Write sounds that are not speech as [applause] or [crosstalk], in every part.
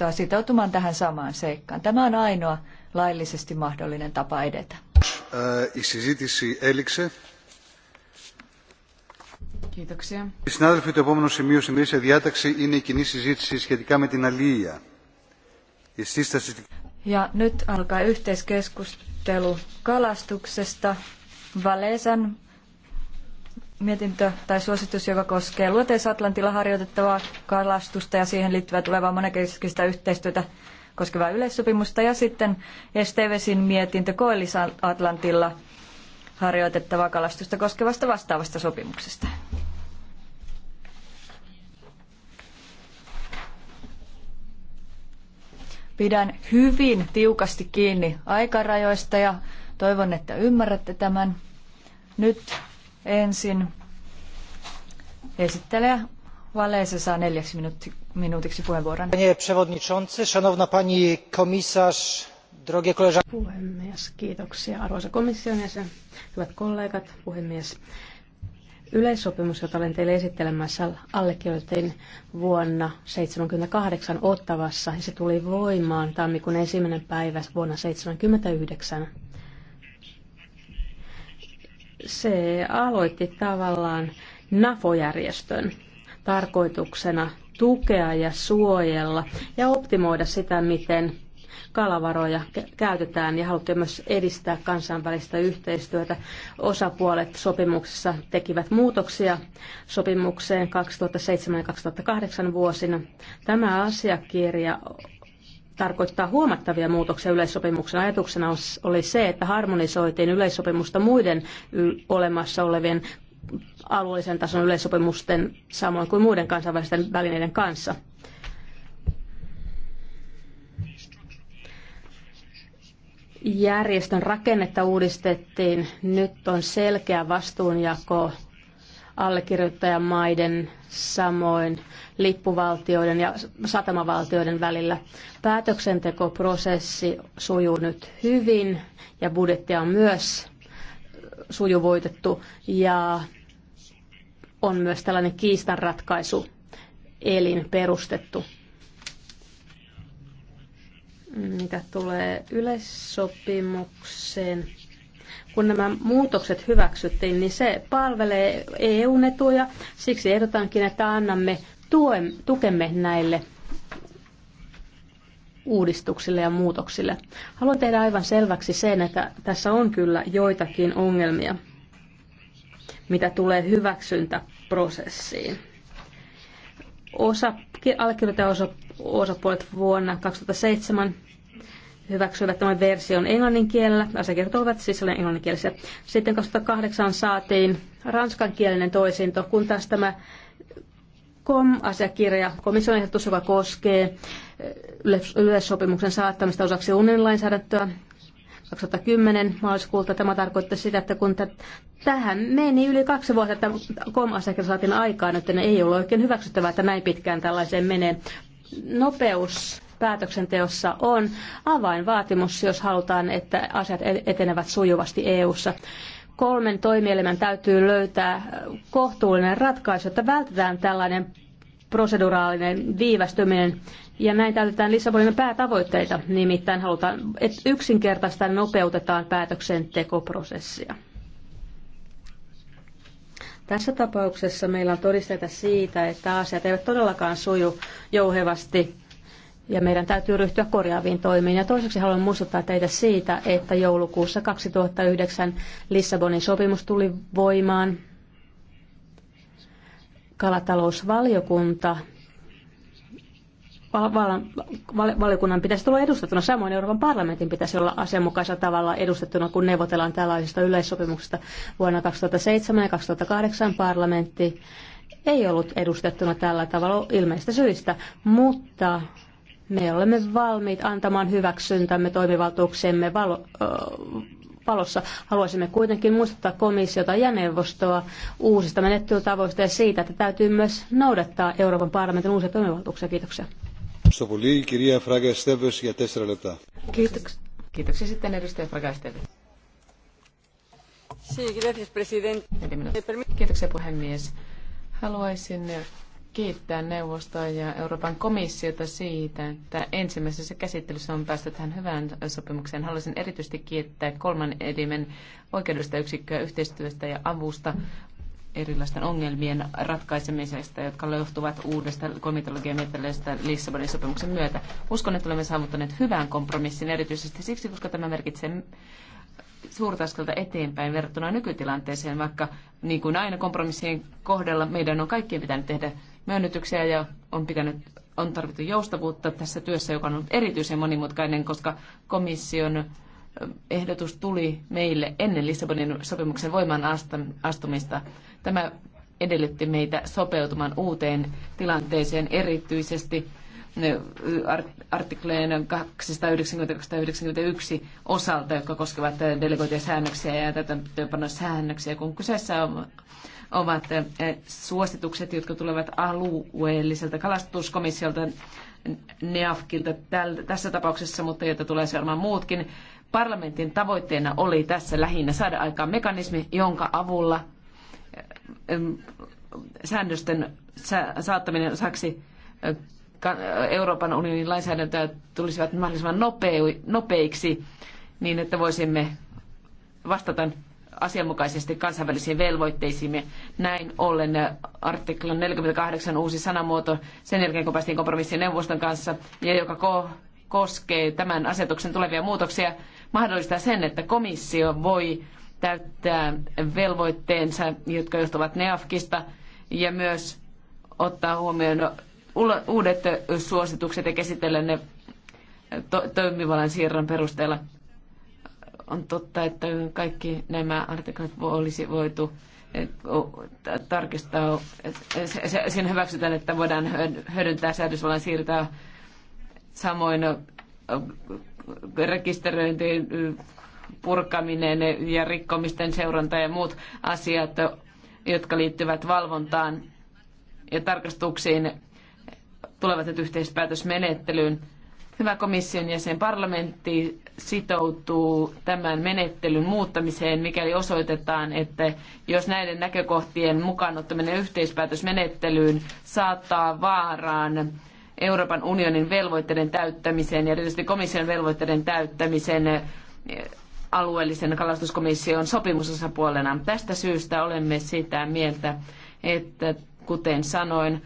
kannustaa sitoutumaan tähän samaan seikkaan. Tämä on ainoa laillisesti mahdollinen tapa edetä. Kiitoksia. Συνάδελφοι, το επόμενο σημείο στην ημερήσια διάταξη είναι η κοινή συζήτηση σχετικά με την αλληλεία. Η σύσταση... Ja nyt alkaa yhteiskeskustelu kalastuksesta. Valesan mietintö tai suositus, joka koskee luoteisatlantilla harjoitettavaa kalastusta ja siihen liittyvää tulevaa monenkeskistä yhteistyötä koskevaa yleissopimusta ja sitten Estevesin mietintö Koillis-Atlantilla harjoitettavaa kalastusta koskevasta vastaavasta sopimuksesta. Pidän hyvin tiukasti kiinni aikarajoista ja toivon, että ymmärrätte tämän. Nyt Ensin esittelee Valese saa neljäksi minuutti, minuutiksi puheenvuoron. Panie przewodniczący, szanowna pani komisarz, drogie koleżanki. Puhemies, kiitoksia. Arvoisa komission jäsen, hyvät kollegat, puhemies. Yleissopimus, jota olen teille esittelemässä, allekirjoitettiin vuonna 1978 Ottavassa ja se tuli voimaan tammikuun ensimmäinen päivä vuonna 1979 se aloitti tavallaan NAFO-järjestön tarkoituksena tukea ja suojella ja optimoida sitä, miten kalavaroja käytetään ja haluttiin myös edistää kansainvälistä yhteistyötä. Osapuolet sopimuksessa tekivät muutoksia sopimukseen 2007-2008 vuosina. Tämä asiakirja tarkoittaa huomattavia muutoksia yleissopimuksen. Ajatuksena oli se, että harmonisoitiin yleissopimusta muiden olemassa olevien alueellisen tason yleissopimusten samoin kuin muiden kansainvälisten välineiden kanssa. Järjestön rakennetta uudistettiin. Nyt on selkeä vastuunjako allekirjoittajamaiden samoin lippuvaltioiden ja satamavaltioiden välillä. Päätöksentekoprosessi sujuu nyt hyvin ja budjettia on myös sujuvoitettu ja on myös tällainen kiistanratkaisu elin perustettu. Mitä tulee yleissopimukseen, kun nämä muutokset hyväksyttiin, niin se palvelee EUn etuja. Siksi ehdotankin, että annamme tuen, tukemme näille uudistuksille ja muutoksille. Haluan tehdä aivan selväksi sen, että tässä on kyllä joitakin ongelmia, mitä tulee hyväksyntäprosessiin. Osa, allekirjoittajaosapuolet vuonna 2007 hyväksyivät tämän version englannin kielellä. Asiakirjat olivat siis englanninkielisiä. Sitten 2008 saatiin ranskankielinen toisinto, kun taas tämä COM-asiakirja, komission ehdotus, joka koskee eh, yleissopimuksen saattamista osaksi unionin lainsäädäntöä, 2010 maaliskuulta. Tämä tarkoittaa sitä, että kun tähän meni yli kaksi vuotta, että kom-asiakirja saatiin aikaan, ne ei ole oikein hyväksyttävää, että näin pitkään tällaiseen menee. Nopeus päätöksenteossa on avainvaatimus, jos halutaan, että asiat e- etenevät sujuvasti EU:ssa. Kolmen toimielimen täytyy löytää kohtuullinen ratkaisu, että vältetään tällainen proseduraalinen viivästyminen ja näin täytetään Lissabonin päätavoitteita, nimittäin halutaan, että yksinkertaista nopeutetaan päätöksentekoprosessia. Tässä tapauksessa meillä on todisteita siitä, että asiat eivät todellakaan suju jouhevasti ja meidän täytyy ryhtyä korjaaviin toimiin. Ja toiseksi haluan muistuttaa teitä siitä, että joulukuussa 2009 Lissabonin sopimus tuli voimaan. Kalatalousvaliokunta valiokunnan pitäisi tulla edustettuna. Samoin Euroopan parlamentin pitäisi olla asianmukaisella tavalla edustettuna, kun neuvotellaan tällaisista yleissopimuksista Vuonna 2007 ja 2008 parlamentti ei ollut edustettuna tällä tavalla ilmeistä syistä, mutta me olemme valmiit antamaan hyväksyntämme toimivaltuuksemme valo, valossa. Haluaisimme kuitenkin muistuttaa komissiota ja neuvostoa uusista menettelytavoista ja siitä, että täytyy myös noudattaa Euroopan parlamentin uusia toimivaltuuksia. Kiitoksia. Kiitoksia. Kiitoksia sitten edustaja Fragasteves. Kiitoksia puhemies. Haluaisin kiittää neuvostoa ja Euroopan komissiota siitä, että ensimmäisessä käsittelyssä on päästy tähän hyvään sopimukseen. Haluaisin erityisesti kiittää kolman edimen oikeudellista yksikköä yhteistyöstä ja avusta erilaisten ongelmien ratkaisemisesta, jotka johtuvat uudesta miettelystä Lissabonin sopimuksen myötä. Uskon, että olemme saavuttaneet hyvän kompromissin erityisesti siksi, koska tämä merkitsee suurta askelta eteenpäin verrattuna nykytilanteeseen, vaikka niin kuin aina kompromissien kohdalla meidän on kaikkien pitänyt tehdä myönnytyksiä ja on pitänyt on tarvittu joustavuutta tässä työssä, joka on ollut erityisen monimutkainen, koska komission ehdotus tuli meille ennen Lissabonin sopimuksen voimaan astumista. Tämä edellytti meitä sopeutumaan uuteen tilanteeseen erityisesti artikleen 290-291 osalta, jotka koskevat delegoitia säännöksiä ja täytäntöönpanosäännöksiä, kun kyseessä on ovat eh, suositukset, jotka tulevat alueelliselta kalastuskomissiolta NEAFKilta tässä tapauksessa, mutta joita tulee seuraamaan muutkin. Parlamentin tavoitteena oli tässä lähinnä saada aikaan mekanismi, jonka avulla eh, säännösten saattaminen osaksi eh, Euroopan unionin lainsäädäntöä tulisivat mahdollisimman nopeiksi, niin että voisimme vastata asianmukaisesti kansainvälisiin velvoitteisiimme. Näin ollen artiklan 48 uusi sanamuoto sen jälkeen, kun päästiin kompromissiin neuvoston kanssa, ja joka ko- koskee tämän asetuksen tulevia muutoksia, mahdollistaa sen, että komissio voi täyttää velvoitteensa, jotka johtuvat NEAFKista, ja myös ottaa huomioon uudet suositukset ja käsitellä ne to- toimivallan siirron perusteella. On totta, että kaikki nämä artiklat olisi voitu tarkistaa, sen hyväksytään, että voidaan hyödyntää säädösvallan siirtää samoin rekisteröintiin purkaminen ja rikkomisten seuranta ja muut asiat, jotka liittyvät valvontaan ja tarkastuksiin, tulevat yhteispäätösmenettelyyn. Hyvä komission jäsen, parlamentti sitoutuu tämän menettelyn muuttamiseen, mikäli osoitetaan, että jos näiden näkökohtien ottaminen yhteispäätösmenettelyyn saattaa vaaraan Euroopan unionin velvoitteiden täyttämisen ja erityisesti komission velvoitteiden täyttämisen alueellisen kalastuskomission sopimusosapuolena. Tästä syystä olemme sitä mieltä, että kuten sanoin,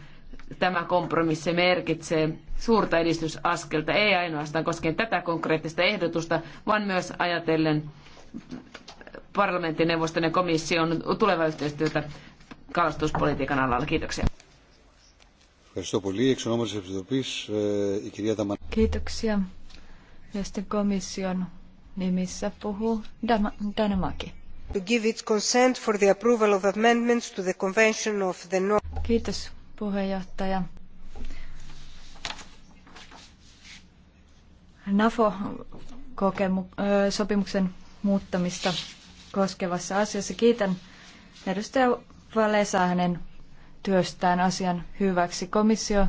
tämä kompromissi merkitsee suurta edistysaskelta, ei ainoastaan koskien tätä konkreettista ehdotusta, vaan myös ajatellen parlamentin, neuvoston ja komission tulevaa yhteistyötä kalastuspolitiikan alalla. Kiitoksia. Kiitoksia. Ja sitten komission nimissä puhuu Dan Danamaki. To give its consent for the approval of amendments to the Convention of the North... Kiitos puheenjohtaja. NAFO-sopimuksen muuttamista koskevassa asiassa. Kiitän edustaja Valesa hänen työstään asian hyväksi. Komissio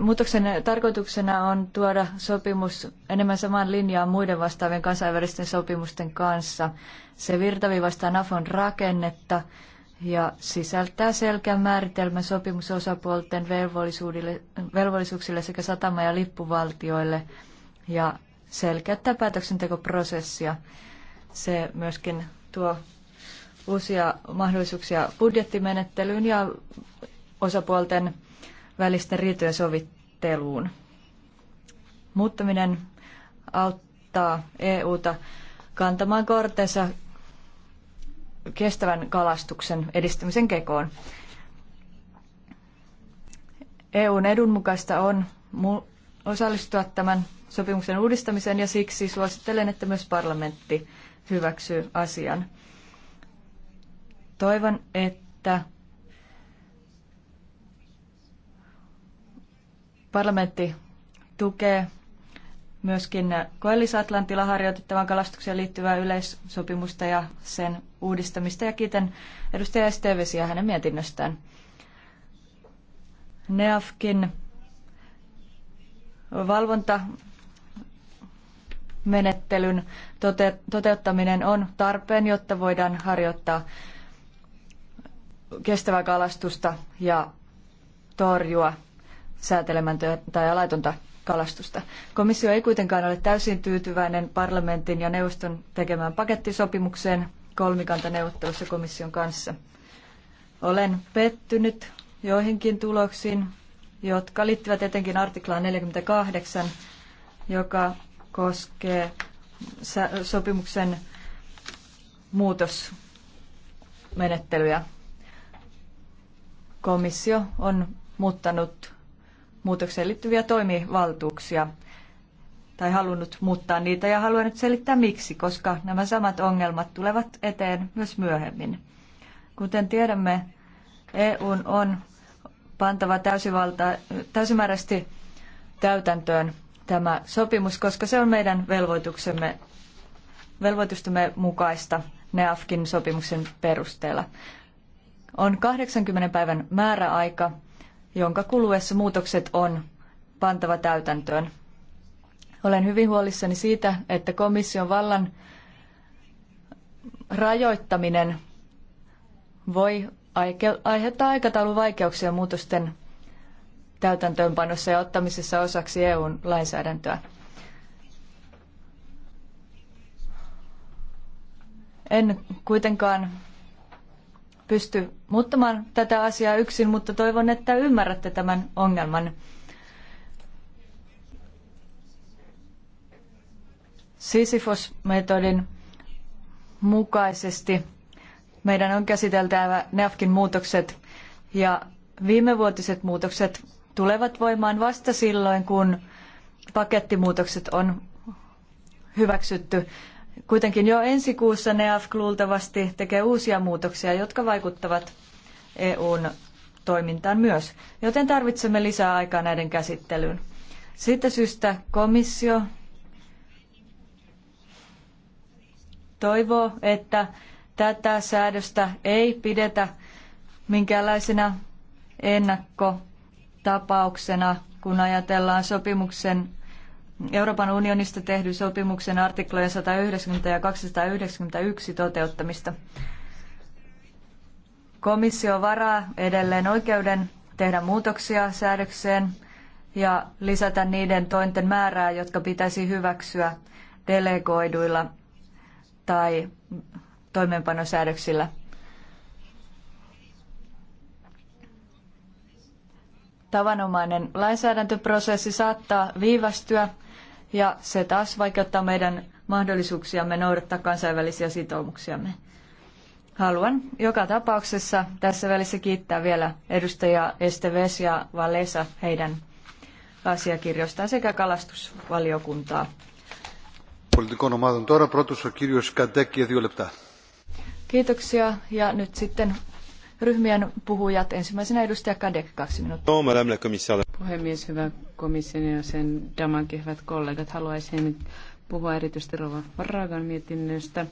Muutoksen tarkoituksena on tuoda sopimus enemmän samaan linjaan muiden vastaavien kansainvälisten sopimusten kanssa. Se virtaviivastaa NAFON rakennetta ja sisältää selkeän määritelmän sopimusosapuolten velvollisuuksille sekä satama- ja lippuvaltioille ja selkeyttää päätöksentekoprosessia. Se myöskin tuo uusia mahdollisuuksia budjettimenettelyyn ja osapuolten välisten riitojen sovitteluun. Muuttaminen auttaa EUta kantamaan kortensa kestävän kalastuksen edistämisen kekoon. EUn edun mukaista on osallistua tämän sopimuksen uudistamiseen ja siksi suosittelen, että myös parlamentti hyväksyy asian. Toivon, että parlamentti tukee myöskin Koillis-Atlantilla harjoitettavan kalastukseen liittyvää yleissopimusta ja sen uudistamista ja kiitän edustaja Estevesiä hänen mietinnöstään. NEAFkin valvonta menettelyn toteuttaminen on tarpeen, jotta voidaan harjoittaa kestävää kalastusta ja torjua säätelemäntöä ja laitonta kalastusta. Komissio ei kuitenkaan ole täysin tyytyväinen parlamentin ja neuvoston tekemään pakettisopimukseen kolmikantaneuvottelussa komission kanssa. Olen pettynyt joihinkin tuloksiin, jotka liittyvät etenkin artiklaan 48, joka koskee sopimuksen muutosmenettelyjä. Komissio on muuttanut muutokseen liittyviä toimivaltuuksia tai halunnut muuttaa niitä ja haluan nyt selittää miksi, koska nämä samat ongelmat tulevat eteen myös myöhemmin. Kuten tiedämme, EU on pantava täysivalta, täysimääräisesti täytäntöön tämä sopimus, koska se on meidän velvoituksemme, velvoitustamme mukaista NEAFKin sopimuksen perusteella. On 80 päivän määräaika jonka kuluessa muutokset on pantava täytäntöön. Olen hyvin huolissani siitä, että komission vallan rajoittaminen voi aiheuttaa aikatauluvaikeuksia muutosten täytäntöönpanossa ja ottamisessa osaksi EUn lainsäädäntöä. En kuitenkaan pysty muuttamaan tätä asiaa yksin, mutta toivon, että ymmärrätte tämän ongelman. Sisyfos-metodin mukaisesti meidän on käsiteltävä NAFKin e muutokset ja viimevuotiset muutokset tulevat voimaan vasta silloin, kun pakettimuutokset on hyväksytty. Kuitenkin jo ensi kuussa NEAF luultavasti tekee uusia muutoksia, jotka vaikuttavat EUn toimintaan myös, joten tarvitsemme lisää aikaa näiden käsittelyyn. Siitä syystä komissio toivoo, että tätä säädöstä ei pidetä minkäänlaisena ennakkotapauksena, kun ajatellaan sopimuksen Euroopan unionista tehdyn sopimuksen artiklojen 190 ja 291 toteuttamista. Komissio varaa edelleen oikeuden tehdä muutoksia säädökseen ja lisätä niiden tointen määrää, jotka pitäisi hyväksyä delegoiduilla tai toimeenpanosäädöksillä. tavanomainen lainsäädäntöprosessi saattaa viivästyä ja se taas vaikeuttaa meidän mahdollisuuksiamme noudattaa kansainvälisiä sitoumuksiamme. Haluan joka tapauksessa tässä välissä kiittää vielä edustaja Esteves ja Valesa heidän asiakirjoistaan sekä kalastusvaliokuntaa. Πολιτικών ομάδων τώρα. Πρώτος ο κύριος Καντέκ Kiitoksia ja nyt sitten ryhmien puhujat. Ensimmäisenä edustaja Kadek, kaksi minuuttia. No, madame la commissaire. Puhemies, hyvä komission ja sen damankin hyvät kollegat. Haluaisin nyt puhua erityisesti Rova Varagan mietinnöstä.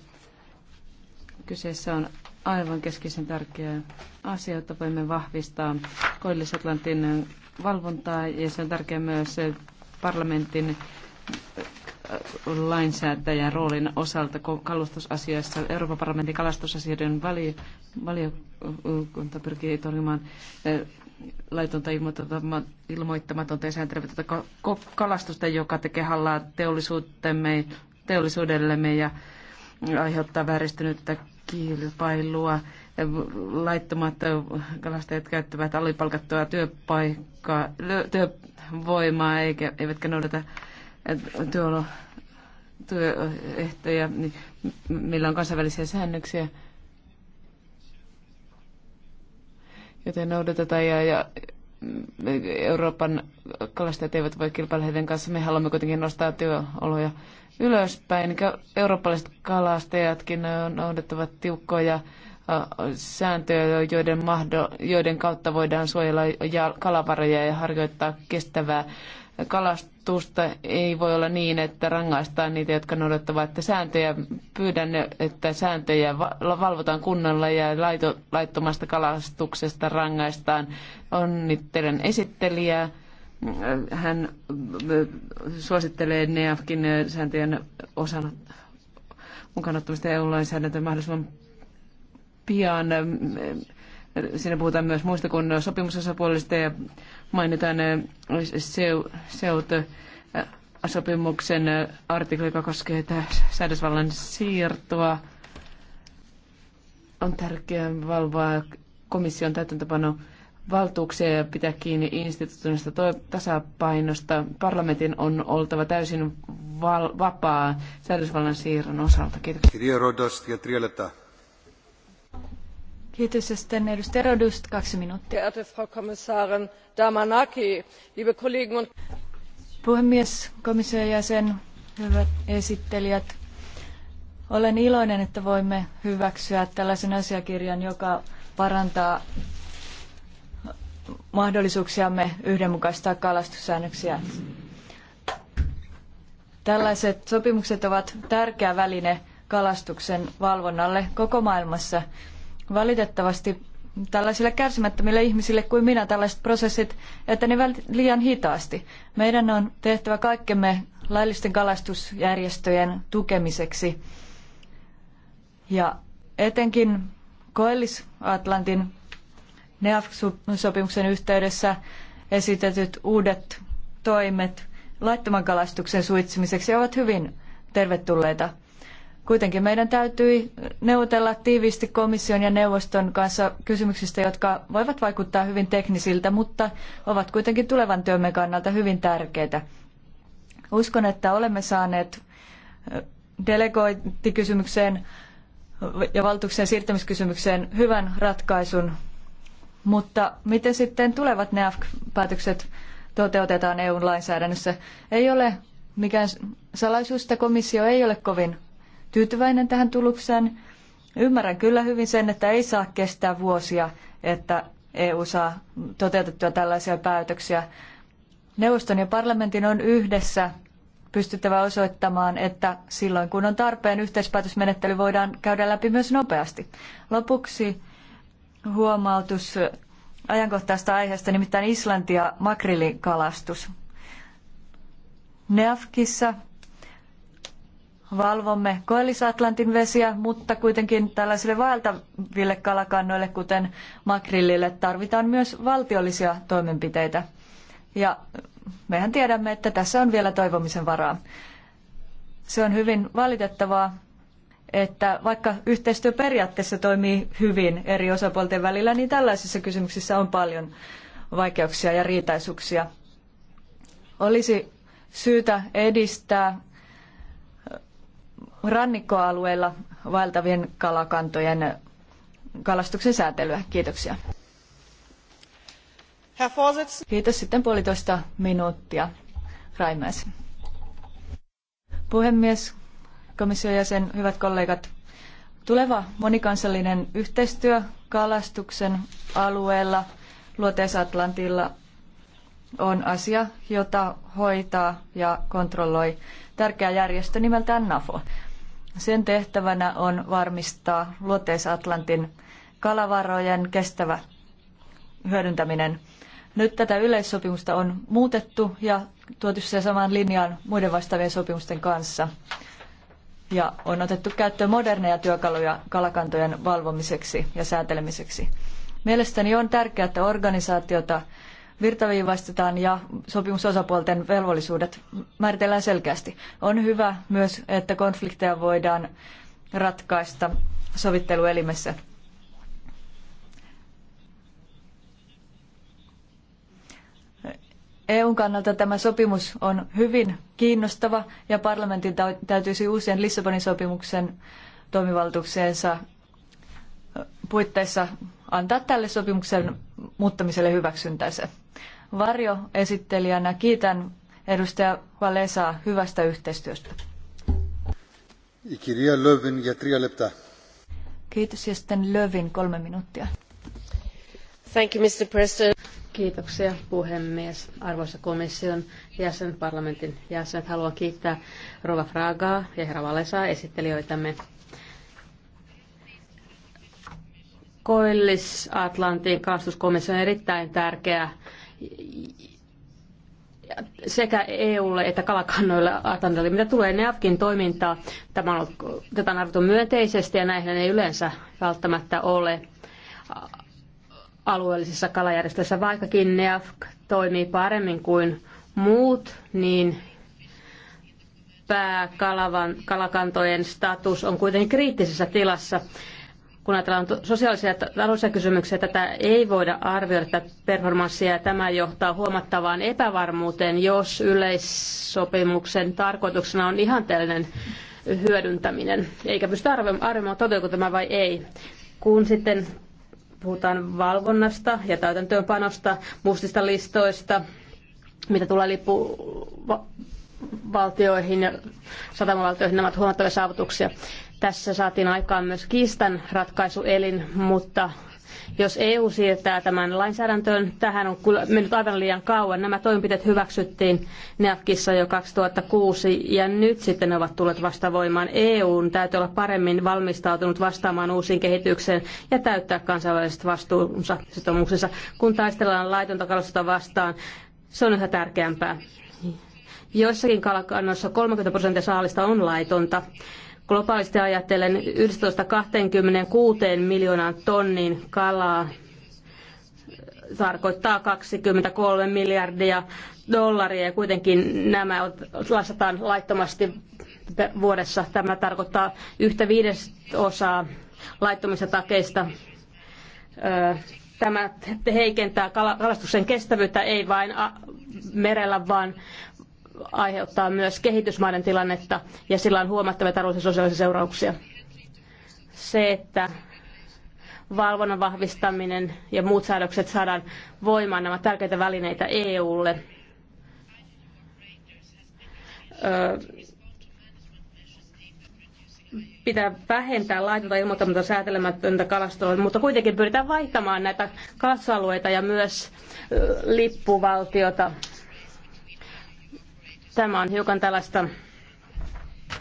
Kyseessä on aivan keskeisen tärkeä asia, jotta voimme vahvistaa Koillis-Atlantin valvontaa ja se on tärkeää myös parlamentin lainsäätäjän roolin osalta kalastusasioissa. Euroopan parlamentin kalastusasioiden vali valiokunta pyrkii torjumaan laitonta ilmoittamatonta ja sääntelemätöntä kalastusta, joka tekee hallaa teollisuutemme, teollisuudellemme ja aiheuttaa vääristynyttä kilpailua. Laittomat kalastajat käyttävät alipalkattua työpaikkaa, työvoimaa eikä, eivätkä noudata tuolla työehtoja, niin millä on kansainvälisiä säännöksiä, joten noudatetaan ja, ja mm, Euroopan kalastajat eivät voi kilpailla heidän kanssa. Me haluamme kuitenkin nostaa työoloja ylöspäin. Eurooppalaiset kalastajatkin noudattavat tiukkoja sääntöjä, joiden, mahdo, joiden kautta voidaan suojella kalavaroja ja harjoittaa kestävää kalastusta rangaistusta. Ei voi olla niin, että rangaistaan niitä, jotka noudattavat sääntöjä. Pyydän, että sääntöjä valvotaan kunnolla ja laito, laittomasta kalastuksesta rangaistaan. Onnittelen esittelijää. Hän suosittelee NEAFkin sääntöjen osana mukaan ottamista EU-lainsäädäntöön mahdollisimman pian Siinä puhutaan myös muista kuin sopimusosapuolista ja mainitaan äh, seut äh, sopimuksen äh, artikli, joka koskee säädösvallan siirtoa. On tärkeää valvoa komission täytäntöpano valtuuksia ja pitää kiinni instituutioista tasapainosta. Parlamentin on oltava täysin val- vapaa säädösvallan siirron osalta. Kiitos kaksi minuuttia. Frau Kommissarin Damanaki, liebe Kollegen und... Puhemies, komission jäsen, hyvät esittelijät. Olen iloinen, että voimme hyväksyä tällaisen asiakirjan, joka parantaa mahdollisuuksiamme yhdenmukaistaa kalastussäännöksiä. Tällaiset sopimukset ovat tärkeä väline kalastuksen valvonnalle koko maailmassa – Valitettavasti tällaisille kärsimättömille ihmisille kuin minä tällaiset prosessit etenevät liian hitaasti. Meidän on tehtävä kaikkemme laillisten kalastusjärjestöjen tukemiseksi. Ja etenkin Koillis-Atlantin NEAF-sopimuksen yhteydessä esitetyt uudet toimet laittoman kalastuksen suitsimiseksi ovat hyvin tervetulleita. Kuitenkin meidän täytyi neuvotella tiiviisti komission ja neuvoston kanssa kysymyksistä, jotka voivat vaikuttaa hyvin teknisiltä, mutta ovat kuitenkin tulevan työmme kannalta hyvin tärkeitä. Uskon, että olemme saaneet delegointikysymykseen ja valtuuksien siirtämiskysymykseen hyvän ratkaisun, mutta miten sitten tulevat NEAF-päätökset toteutetaan eu lainsäädännössä? Ei ole mikään salaisuus, että komissio ei ole kovin tyytyväinen tähän tulokseen. Ymmärrän kyllä hyvin sen, että ei saa kestää vuosia, että EU saa toteutettua tällaisia päätöksiä. Neuvoston ja parlamentin on yhdessä pystyttävä osoittamaan, että silloin kun on tarpeen, yhteispäätösmenettely voidaan käydä läpi myös nopeasti. Lopuksi huomautus ajankohtaista aiheesta, nimittäin Islanti ja makrilikalastus. Neafkissa valvomme koillisatlantin vesiä, mutta kuitenkin tällaisille vaeltaville kalakannoille, kuten makrillille, tarvitaan myös valtiollisia toimenpiteitä. Ja mehän tiedämme, että tässä on vielä toivomisen varaa. Se on hyvin valitettavaa, että vaikka yhteistyö periaatteessa toimii hyvin eri osapuolten välillä, niin tällaisissa kysymyksissä on paljon vaikeuksia ja riitaisuuksia. Olisi syytä edistää rannikkoalueilla vaeltavien kalakantojen kalastuksen säätelyä. Kiitoksia. Kiitos sitten puolitoista minuuttia. Raimäis. Puhemies, komission jäsen, hyvät kollegat. Tuleva monikansallinen yhteistyö kalastuksen alueella Luoteis-Atlantilla on asia, jota hoitaa ja kontrolloi tärkeä järjestö nimeltään NAFO. Sen tehtävänä on varmistaa luoteis-Atlantin kalavarojen kestävä hyödyntäminen. Nyt tätä yleissopimusta on muutettu ja tuotu se samaan linjaan muiden vastaavien sopimusten kanssa. Ja on otettu käyttöön moderneja työkaluja kalakantojen valvomiseksi ja säätelemiseksi. Mielestäni on tärkeää, että organisaatiota virtaviivaistetaan ja sopimusosapuolten velvollisuudet määritellään selkeästi. On hyvä myös, että konflikteja voidaan ratkaista sovitteluelimessä. EUn kannalta tämä sopimus on hyvin kiinnostava ja parlamentin täytyisi uusien Lissabonin sopimuksen toimivaltuuksiensa puitteissa antaa tälle sopimuksen muuttamiselle hyväksyntänsä varjoesittelijänä kiitän edustaja Valesaa hyvästä yhteistyöstä. Kirja Lövin ja Trialepta. Kiitos ja sitten Lövin kolme minuuttia. Thank you, Mr. President. Kiitoksia puhemies, arvoisa komission jäsen, parlamentin jäsenet. Haluan kiittää Rova Fragaa ja herra Valesaa esittelijöitämme Koillis-Atlantin kalastuskomission on erittäin tärkeä sekä EUlle että kalakannoille Atlantille. Mitä tulee NEAFkin toimintaa, tämä on tätä on arvottu myönteisesti ja näinhän ei yleensä välttämättä ole alueellisissa kalajärjestöissä. Vaikkakin NEAFK toimii paremmin kuin muut, niin pääkalavan kalakantojen status on kuitenkin kriittisessä tilassa kun ajatellaan sosiaalisia ja taloudellisia kysymyksiä, tätä ei voida arvioida tätä performanssia ja tämä johtaa huomattavaan epävarmuuteen, jos yleissopimuksen tarkoituksena on ihanteellinen hyödyntäminen, eikä pystytä arvioimaan toteutuuko tämä vai ei. Kun sitten puhutaan valvonnasta ja täytäntöönpanosta, mustista listoista, mitä tulee lippu valtioihin ja satamavaltioihin, nämä ovat huomattavia saavutuksia. Tässä saatiin aikaan myös kiistan ratkaisuelin, mutta jos EU siirtää tämän lainsäädäntöön, tähän on kyllä mennyt aivan liian kauan. Nämä toimenpiteet hyväksyttiin NEAFKissa jo 2006 ja nyt sitten ne ovat tulleet vasta voimaan. EUn täytyy olla paremmin valmistautunut vastaamaan uusiin kehitykseen ja täyttää kansainväliset vastuunsa sitoumuksensa, kun taistellaan laitonta kalastusta vastaan. Se on yhä tärkeämpää. Joissakin kalakannoissa 30 prosenttia saalista on laitonta globaalisti ajatellen 11-26 miljoonaan tonnin kalaa tarkoittaa 23 miljardia dollaria ja kuitenkin nämä lasketaan laittomasti vuodessa. Tämä tarkoittaa yhtä viidesosaa laittomista takeista. Tämä heikentää kalastuksen kestävyyttä ei vain merellä, vaan aiheuttaa myös kehitysmaiden tilannetta ja sillä on huomattavia taloudellisia sosiaalisia seurauksia. Se, että valvonnan vahvistaminen ja muut säädökset saadaan voimaan, nämä tärkeitä välineitä EUlle. Ö, pitää vähentää laitonta ilmoittamatta säätelemätöntä kalastoa, mutta kuitenkin pyritään vaihtamaan näitä kalastusalueita ja myös lippuvaltiota Tämä on hiukan tällaista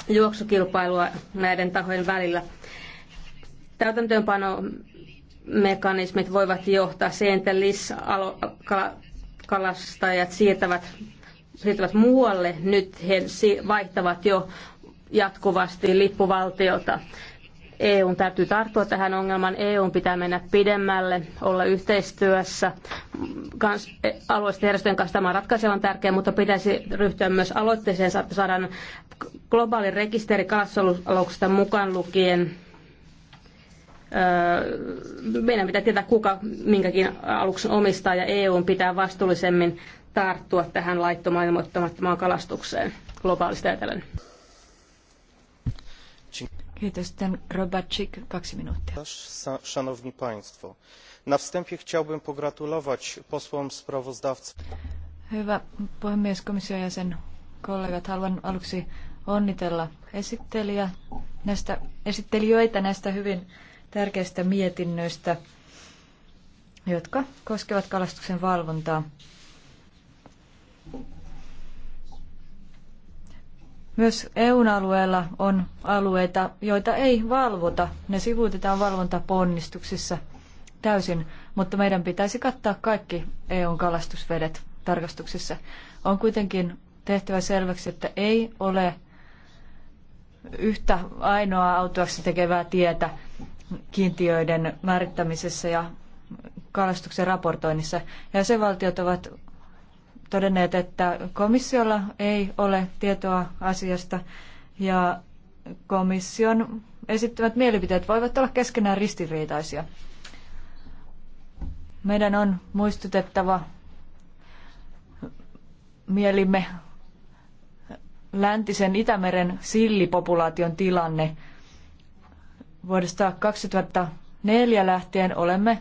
juoksukilpailua näiden tahojen välillä. Täytäntöönpanomekanismit mekanismit voivat johtaa siihen, että lisäkalastajat siirtävät, siirtävät muualle. Nyt he vaihtavat jo jatkuvasti lippuvaltiota. EUn täytyy tarttua tähän ongelmaan. EUn pitää mennä pidemmälle, olla yhteistyössä kans, e, alueellisten järjestöjen kanssa. Tämä on ratkaisevan tärkeä, mutta pitäisi ryhtyä myös aloitteeseen, että saadaan globaali rekisteri kalastusaluksista mukaan lukien. Öö, meidän pitää tietää, kuka minkäkin aluksen omistaa, ja EUn pitää vastuullisemmin tarttua tähän laittomaan ilmoittamattomaan kalastukseen globaalisti ajatellen. Kiitos. Sitten Robaczyk, kaksi minuuttia. Szanowni Państwo, na wstępie chciałbym pogratulować posłom sprawozdawcom. Hyvä puhemies, komission jäsen, kollegat, haluan aluksi onnitella esittelijä, näistä, esittelijöitä näistä hyvin tärkeistä mietinnöistä, jotka koskevat kalastuksen valvontaa. Myös EUn alueella on alueita, joita ei valvota. Ne sivuutetaan valvontaponnistuksissa täysin, mutta meidän pitäisi kattaa kaikki EUn kalastusvedet tarkastuksissa. On kuitenkin tehtävä selväksi, että ei ole yhtä ainoaa autuaksi tekevää tietä kiintiöiden määrittämisessä ja kalastuksen raportoinnissa. Ja jäsenvaltiot ovat todenneet, että komissiolla ei ole tietoa asiasta ja komission esittämät mielipiteet voivat olla keskenään ristiriitaisia. Meidän on muistutettava mielimme läntisen Itämeren sillipopulaation tilanne. Vuodesta 2004 lähtien olemme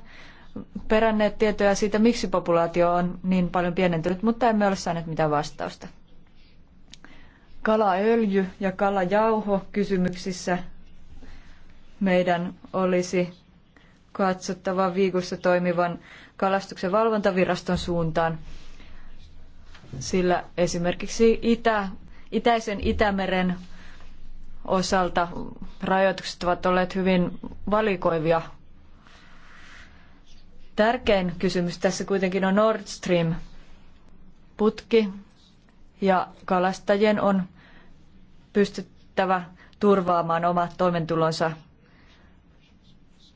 peränneet tietoja siitä, miksi populaatio on niin paljon pienentynyt, mutta emme ole saaneet mitään vastausta. Kalaöljy ja kalajauho kysymyksissä meidän olisi katsottava viikossa toimivan kalastuksen valvontaviraston suuntaan, sillä esimerkiksi itä, itäisen Itämeren osalta rajoitukset ovat olleet hyvin valikoivia Tärkein kysymys tässä kuitenkin on Nord Stream putki ja kalastajien on pystyttävä turvaamaan omat toimentulonsa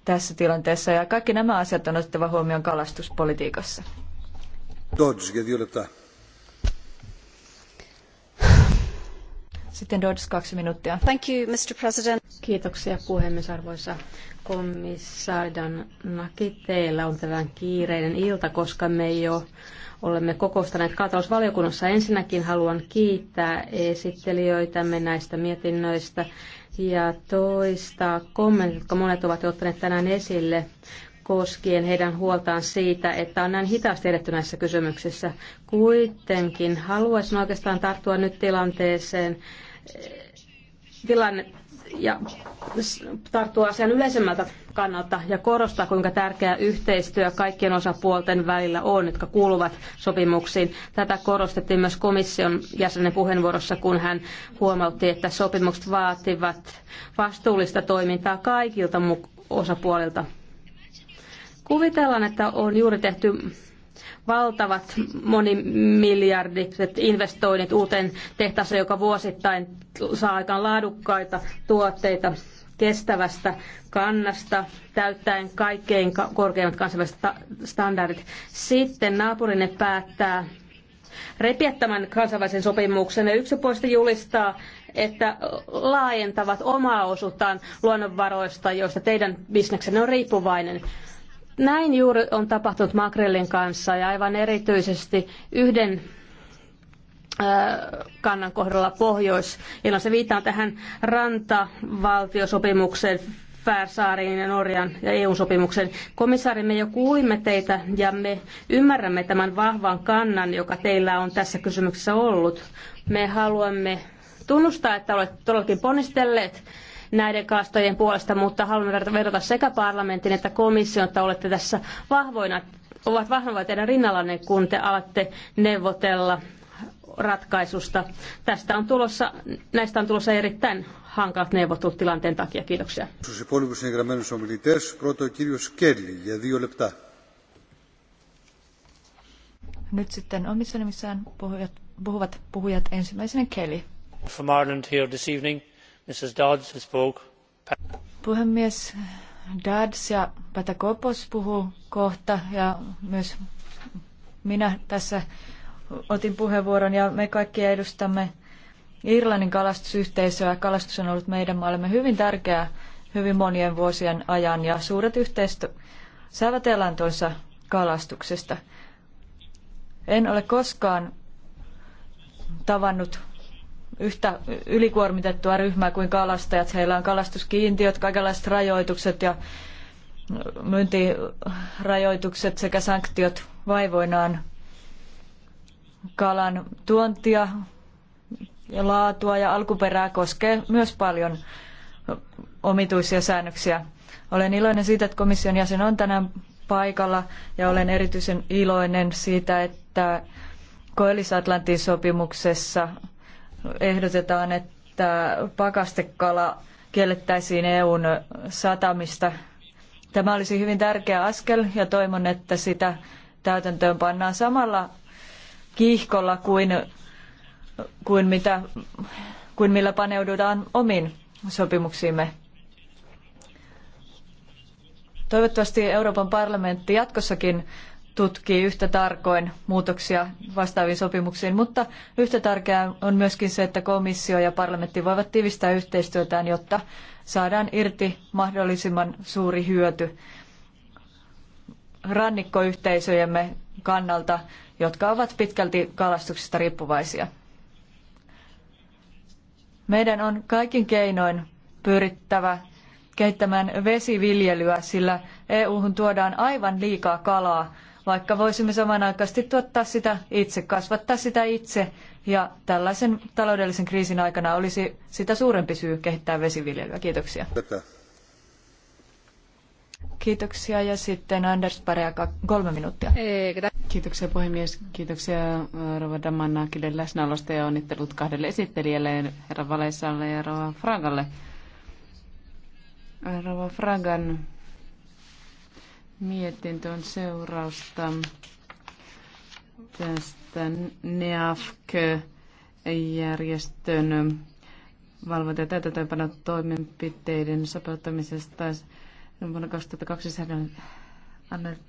tässä tilanteessa ja kaikki nämä asiat on otettava huomioon kalastuspolitiikassa. Sitten Dodds kaksi minuuttia. Thank you, Mr. President. Kiitoksia puhemies arvoisa Komissaadan Nakiteellä on tämän kiireinen ilta, koska me jo olemme kokoustaneet kaatalousvaliokunnassa. Ensinnäkin haluan kiittää esittelijöitämme näistä mietinnöistä ja toista kommentit, jotka monet ovat ottaneet tänään esille koskien heidän huoltaan siitä, että on näin hitaasti edetty näissä kysymyksissä. Kuitenkin haluaisin oikeastaan tarttua nyt tilanteeseen, tilanne, ja tarttua asian yleisemmältä kannalta ja korostaa, kuinka tärkeää yhteistyö kaikkien osapuolten välillä on, jotka kuuluvat sopimuksiin. Tätä korostettiin myös komission jäsenen puheenvuorossa, kun hän huomautti, että sopimukset vaativat vastuullista toimintaa kaikilta osapuolilta. Kuvitellaan, että on juuri tehty valtavat monimiljardiset investoinnit uuteen tehtaaseen, joka vuosittain saa aikaan laadukkaita tuotteita kestävästä kannasta täyttäen kaikkein korkeimmat kansainväliset standardit. Sitten naapurinne päättää repiä tämän kansainvälisen sopimuksen ja yksipuolisesti julistaa, että laajentavat omaa osuuttaan luonnonvaroista, joista teidän bisneksenne on riippuvainen. Näin juuri on tapahtunut Makrellin kanssa ja aivan erityisesti yhden kannan kohdalla pohjois se viittaa tähän rantavaltiosopimukseen Färsaariin ja Norjan ja EU-sopimuksen. Komissaari, me jo kuulimme teitä ja me ymmärrämme tämän vahvan kannan, joka teillä on tässä kysymyksessä ollut. Me haluamme tunnustaa, että olette todellakin ponnistelleet näiden kaastojen puolesta, mutta haluan vedota sekä parlamentin että komission, että olette tässä vahvoina, ovat vahvoja teidän rinnallanne, kun te alatte neuvotella ratkaisusta. Tästä on tulossa, näistä on tulossa erittäin hankalat neuvottelut tilanteen takia. Kiitoksia. Nyt sitten omissa nimissään puhujat, puhuvat puhujat ensimmäisenä Kelly. From Ireland here this evening. Mrs. Puhemies Dodds ja Patakopos puhuvat kohta ja myös minä tässä otin puheenvuoron ja me kaikki edustamme Irlannin kalastusyhteisöä. Kalastus on ollut meidän maallemme hyvin tärkeää hyvin monien vuosien ajan ja suuret yhteistyö saavat elantonsa kalastuksesta. En ole koskaan tavannut yhtä ylikuormitettua ryhmää kuin kalastajat. Heillä on kalastuskiintiöt, kaikenlaiset rajoitukset ja myyntirajoitukset sekä sanktiot vaivoinaan kalan tuontia ja laatua ja alkuperää koskee myös paljon omituisia säännöksiä. Olen iloinen siitä, että komission jäsen on tänään paikalla ja olen erityisen iloinen siitä, että Koillis-Atlantin sopimuksessa ehdotetaan, että pakastekala kiellettäisiin EUn satamista. Tämä olisi hyvin tärkeä askel ja toivon, että sitä täytäntöön pannaan samalla kiihkolla kuin, kuin, mitä, kuin millä paneudutaan omiin sopimuksiimme. Toivottavasti Euroopan parlamentti jatkossakin tutkii yhtä tarkoin muutoksia vastaaviin sopimuksiin, mutta yhtä tärkeää on myöskin se, että komissio ja parlamentti voivat tiivistää yhteistyötään, jotta saadaan irti mahdollisimman suuri hyöty rannikkoyhteisöjemme kannalta, jotka ovat pitkälti kalastuksesta riippuvaisia. Meidän on kaikin keinoin pyrittävä kehittämään vesiviljelyä, sillä EU-hun tuodaan aivan liikaa kalaa vaikka voisimme samanaikaisesti tuottaa sitä itse, kasvattaa sitä itse, ja tällaisen taloudellisen kriisin aikana olisi sitä suurempi syy kehittää vesiviljelyä. Kiitoksia. Tätä. Kiitoksia ja sitten Anders Parea kolme minuuttia. Kiitoksia puhemies, kiitoksia äh, Rova Damannakille läsnäolosta ja onnittelut kahdelle esittelijälle, herra Valessalle ja Rova Fragalle. Äh, Rova Fragan mietintö on seurausta tästä NEAFK-järjestön valvonta- ja täytäntöönpanon toimenpiteiden sopeuttamisesta. Vuonna 2002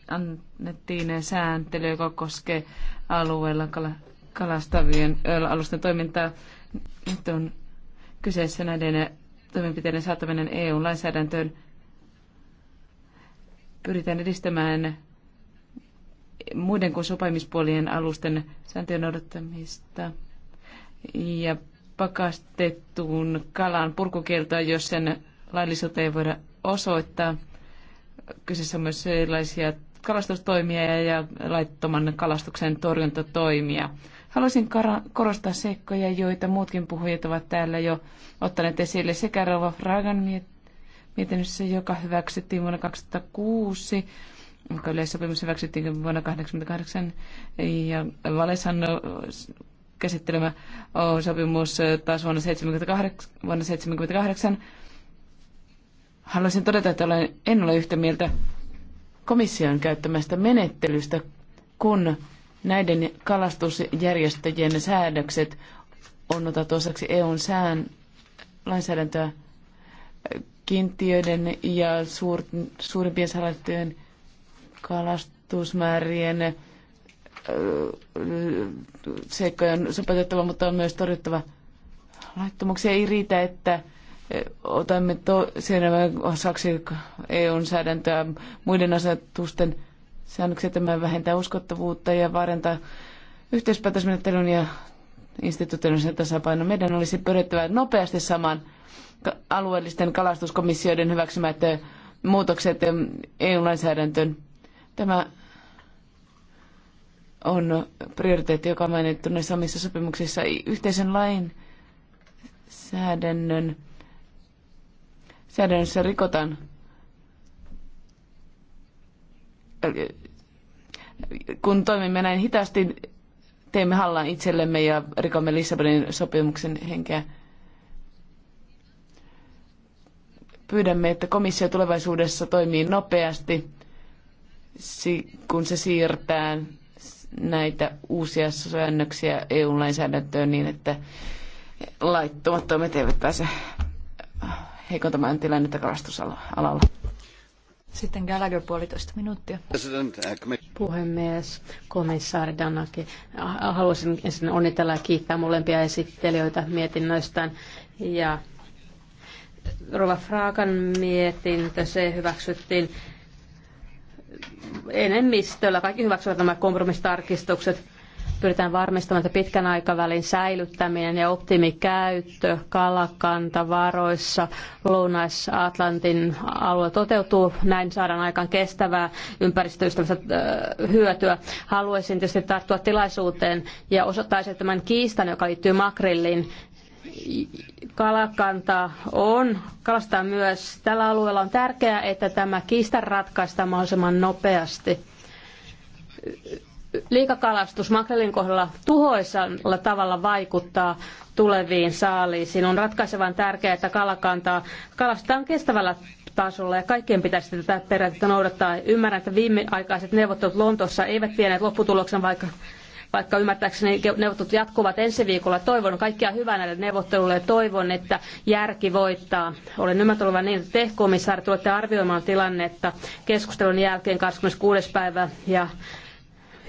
annettiin sääntely, joka koskee alueella kalastavien alusten toimintaa. Nyt on kyseessä näiden toimenpiteiden saattaminen EU-lainsäädäntöön pyritään edistämään muiden kuin sopimispuolien alusten sääntöjen noudattamista ja pakastettuun kalan purkukieltoa, jos sen laillisuutta ei voida osoittaa. Kyseessä on myös erilaisia kalastustoimia ja laittoman kalastuksen torjuntatoimia. Haluaisin korostaa seikkoja, joita muutkin puhujat ovat täällä jo ottaneet esille sekä Rova Fragan miettiä mietinnössä, joka hyväksyttiin vuonna 2006 joka yleissopimus hyväksyttiin vuonna 1988, ja Valeshan käsittelemä sopimus taas vuonna 1978. Vuonna 78. Haluaisin todeta, että olen, en ole yhtä mieltä komission käyttämästä menettelystä, kun näiden kalastusjärjestöjen säädökset on otettu osaksi EUn sään lainsäädäntöä kiintiöiden ja suur, suurimpien salattujen kalastusmäärien seikkoja on sopeutettava, mutta on myös torjuttava laittomuuksia. Ei riitä, että otamme to- osaksi EU-säädäntöä muiden asetusten säännöksiä. Tämä vähentää uskottavuutta ja vaarantaa yhteispäätösmenettelyn ja institutionaalisen tasapainon. Meidän olisi pyrittävä nopeasti saman alueellisten kalastuskomissioiden hyväksymät muutokset EU-lainsäädäntöön. Tämä on prioriteetti, joka on mainittu näissä omissa sopimuksissa. Yhteisen lain säädännön, säädännössä rikotaan kun toimimme näin hitaasti, teemme hallan itsellemme ja rikomme Lissabonin sopimuksen henkeä. Pyydämme, että komissio tulevaisuudessa toimii nopeasti, kun se siirtää näitä uusia säännöksiä EU-lainsäädäntöön niin, että laittomat toimet eivät pääse heikontamaan tilannetta kalastusalalla. Sitten Gallagher puolitoista minuuttia. Eh, Puhemies, komissaari Danaki, ah, haluaisin ensin onnitella ja kiittää molempia esittelijöitä mietinnöistään. Ja Rova Fraakan mietintö, se hyväksyttiin enemmistöllä. Kaikki hyväksyvät nämä kompromissitarkistukset pyritään varmistamaan, että pitkän aikavälin säilyttäminen ja optimikäyttö kalakantavaroissa Lounais-Atlantin alueella toteutuu. Näin saadaan aikaan kestävää ympäristöystävällistä hyötyä. Haluaisin tietysti tarttua tilaisuuteen ja osoittaisin tämän kiistan, joka liittyy makrillin kalakanta on, kalastaa myös. Tällä alueella on tärkeää, että tämä kiista ratkaistaan mahdollisimman nopeasti liikakalastus makrelin kohdalla tuhoisalla tavalla vaikuttaa tuleviin saaliisiin. On ratkaisevan tärkeää, että kalakantaa kalastetaan kestävällä tasolla ja kaikkien pitäisi tätä periaatetta noudattaa. Ymmärrän, että viimeaikaiset neuvottelut Lontoossa eivät vieneet lopputuloksen, vaikka vaikka ymmärtääkseni neuvottelut jatkuvat ensi viikolla. Toivon kaikkia hyvää näille neuvotteluille ja toivon, että järki voittaa. Olen ymmärtänyt niin, että te komissaari tulette arvioimaan tilannetta keskustelun jälkeen 26. päivä ja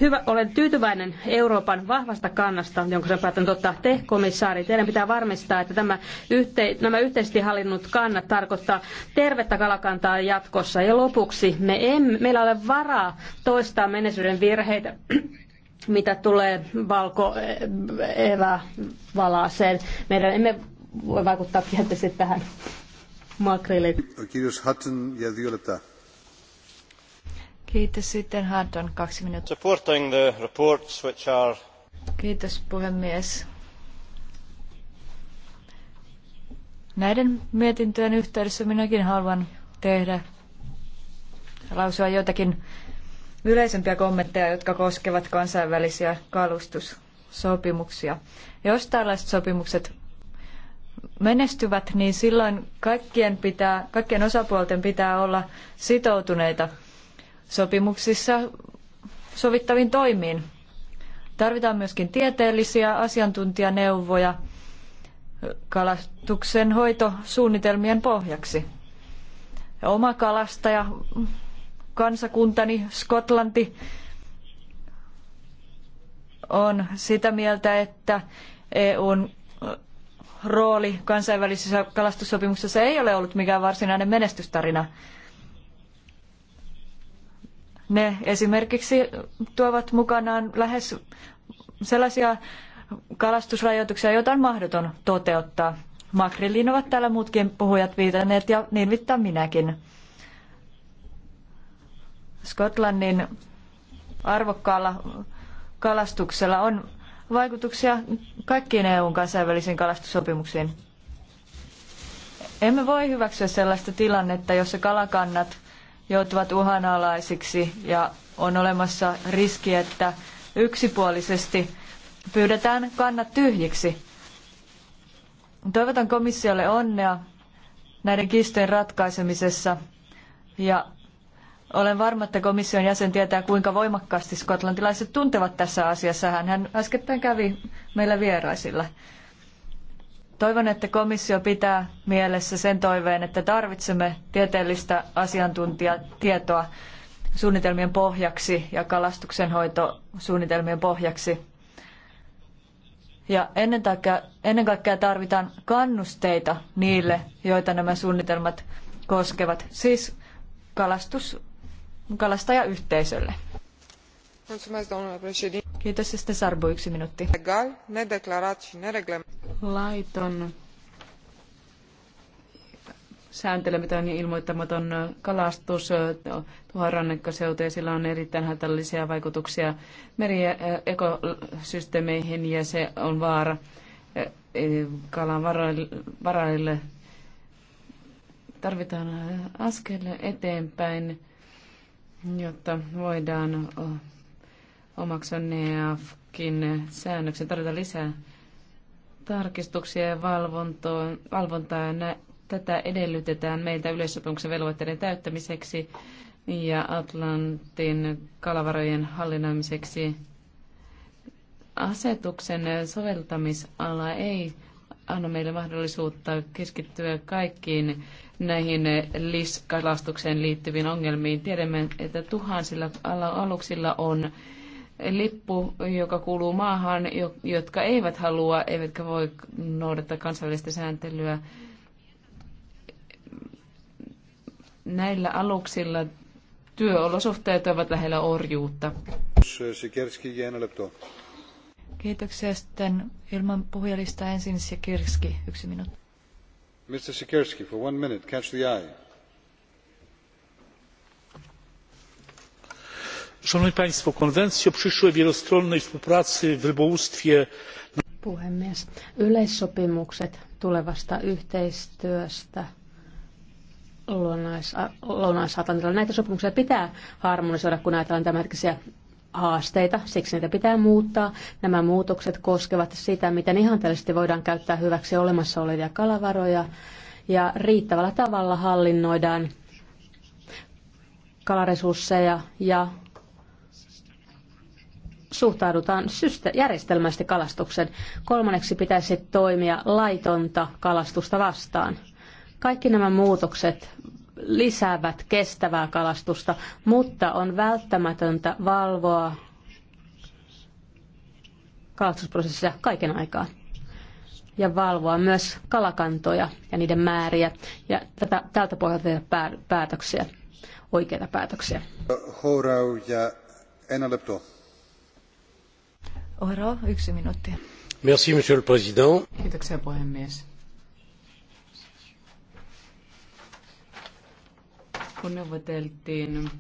Hyvä, olen tyytyväinen Euroopan vahvasta kannasta, jonka se on päättänyt ottaa te, komissaari. Teidän pitää varmistaa, että tämä yhte, nämä yhteisesti hallinnut kannat tarkoittaa tervettä kalakantaa jatkossa. Ja lopuksi me emme, meillä ole varaa toistaa menneisyyden virheitä [clears throat] mitä tulee valko valaaseen. Meidän emme voi vaikuttaa kielteisesti tähän makrilin. Kiitos ja Violetta sitten kaksi minuuttia. Supporting the reports which are... Kiitos puhemies. Näiden mietintöjen yhteydessä minäkin haluan tehdä lausua jotakin yleisempiä kommentteja, jotka koskevat kansainvälisiä kalustussopimuksia. Jos tällaiset sopimukset menestyvät, niin silloin kaikkien, pitää, kaikkien osapuolten pitää olla sitoutuneita sopimuksissa sovittaviin toimiin. Tarvitaan myöskin tieteellisiä asiantuntijaneuvoja kalastuksen hoitosuunnitelmien pohjaksi. Oma kalastaja, kansakuntani Skotlanti on sitä mieltä, että EUn rooli kansainvälisissä kalastussopimuksissa ei ole ollut mikään varsinainen menestystarina. Ne esimerkiksi tuovat mukanaan lähes sellaisia kalastusrajoituksia, joita on mahdoton toteuttaa. Makrilliin ovat täällä muutkin puhujat viitanneet ja niin viittaan minäkin. Skotlannin arvokkaalla kalastuksella on vaikutuksia kaikkiin EUn kansainvälisiin kalastussopimuksiin. Emme voi hyväksyä sellaista tilannetta, jossa kalakannat joutuvat uhanalaisiksi ja on olemassa riski, että yksipuolisesti pyydetään kannat tyhjiksi. Toivotan komissiolle onnea näiden kiistojen ratkaisemisessa ja olen varma, että komission jäsen tietää, kuinka voimakkaasti skotlantilaiset tuntevat tässä asiassa. Hän äskettäin kävi meillä vieraisilla. Toivon, että komissio pitää mielessä sen toiveen, että tarvitsemme tieteellistä asiantuntijatietoa suunnitelmien pohjaksi ja kalastuksenhoitosuunnitelmien pohjaksi. Ja ennen, takia, ennen kaikkea tarvitaan kannusteita niille, joita nämä suunnitelmat koskevat, siis kalastus, kalastajayhteisölle. Kiitos ja Sarbu, yksi minuutti laiton sääntelemätön ja ilmoittamaton kalastus tuohon rannikkoseuteen. Sillä on erittäin haitallisia vaikutuksia meri-ekosysteemeihin ja se on vaara e, kalan varaille. Tarvitaan askel eteenpäin, jotta voidaan omaksua NEAFkin säännöksen tarjota lisää tarkistuksia ja valvontaa. Tätä edellytetään meiltä yleissopimuksen velvoitteiden täyttämiseksi ja Atlantin kalavarojen hallinnoimiseksi. Asetuksen soveltamisala ei anna meille mahdollisuutta keskittyä kaikkiin näihin liskalastukseen liittyviin ongelmiin. Tiedämme, että tuhansilla aluksilla on lippu, joka kuuluu maahan, jotka eivät halua, eivätkä voi noudattaa kansainvälistä sääntelyä. Näillä aluksilla työolosuhteet ovat lähellä orjuutta. Kiitoksia. Sitten ilman puhujalista ensin Sikirski, yksi minuutti. Mr. Sikirski, for one minute, catch the eye. konwencji o przyszłej wielostronnej współpracy w rybołówstwie puhemies yleissopimukset tulevasta yhteistyöstä lounaisatlantilalla näitä sopimuksia pitää harmonisoida kun ajatellaan tämänhetkisiä haasteita, siksi niitä pitää muuttaa. Nämä muutokset koskevat sitä, miten ihanteellisesti voidaan käyttää hyväksi olemassa olevia kalavaroja ja riittävällä tavalla hallinnoidaan kalaresursseja ja suhtaudutaan järjestelmästi kalastuksen. Kolmanneksi pitäisi toimia laitonta kalastusta vastaan. Kaikki nämä muutokset lisäävät kestävää kalastusta, mutta on välttämätöntä valvoa kalastusprosessia kaiken aikaa ja valvoa myös kalakantoja ja niiden määriä ja tätä, tältä pohjalta tehdä päätöksiä, oikeita päätöksiä. Hourau ja Enna Lepto. Oro, yksi minuutti. Merci, monsieur le président. Kiitoksia puhemies. Kun neuvoteltiin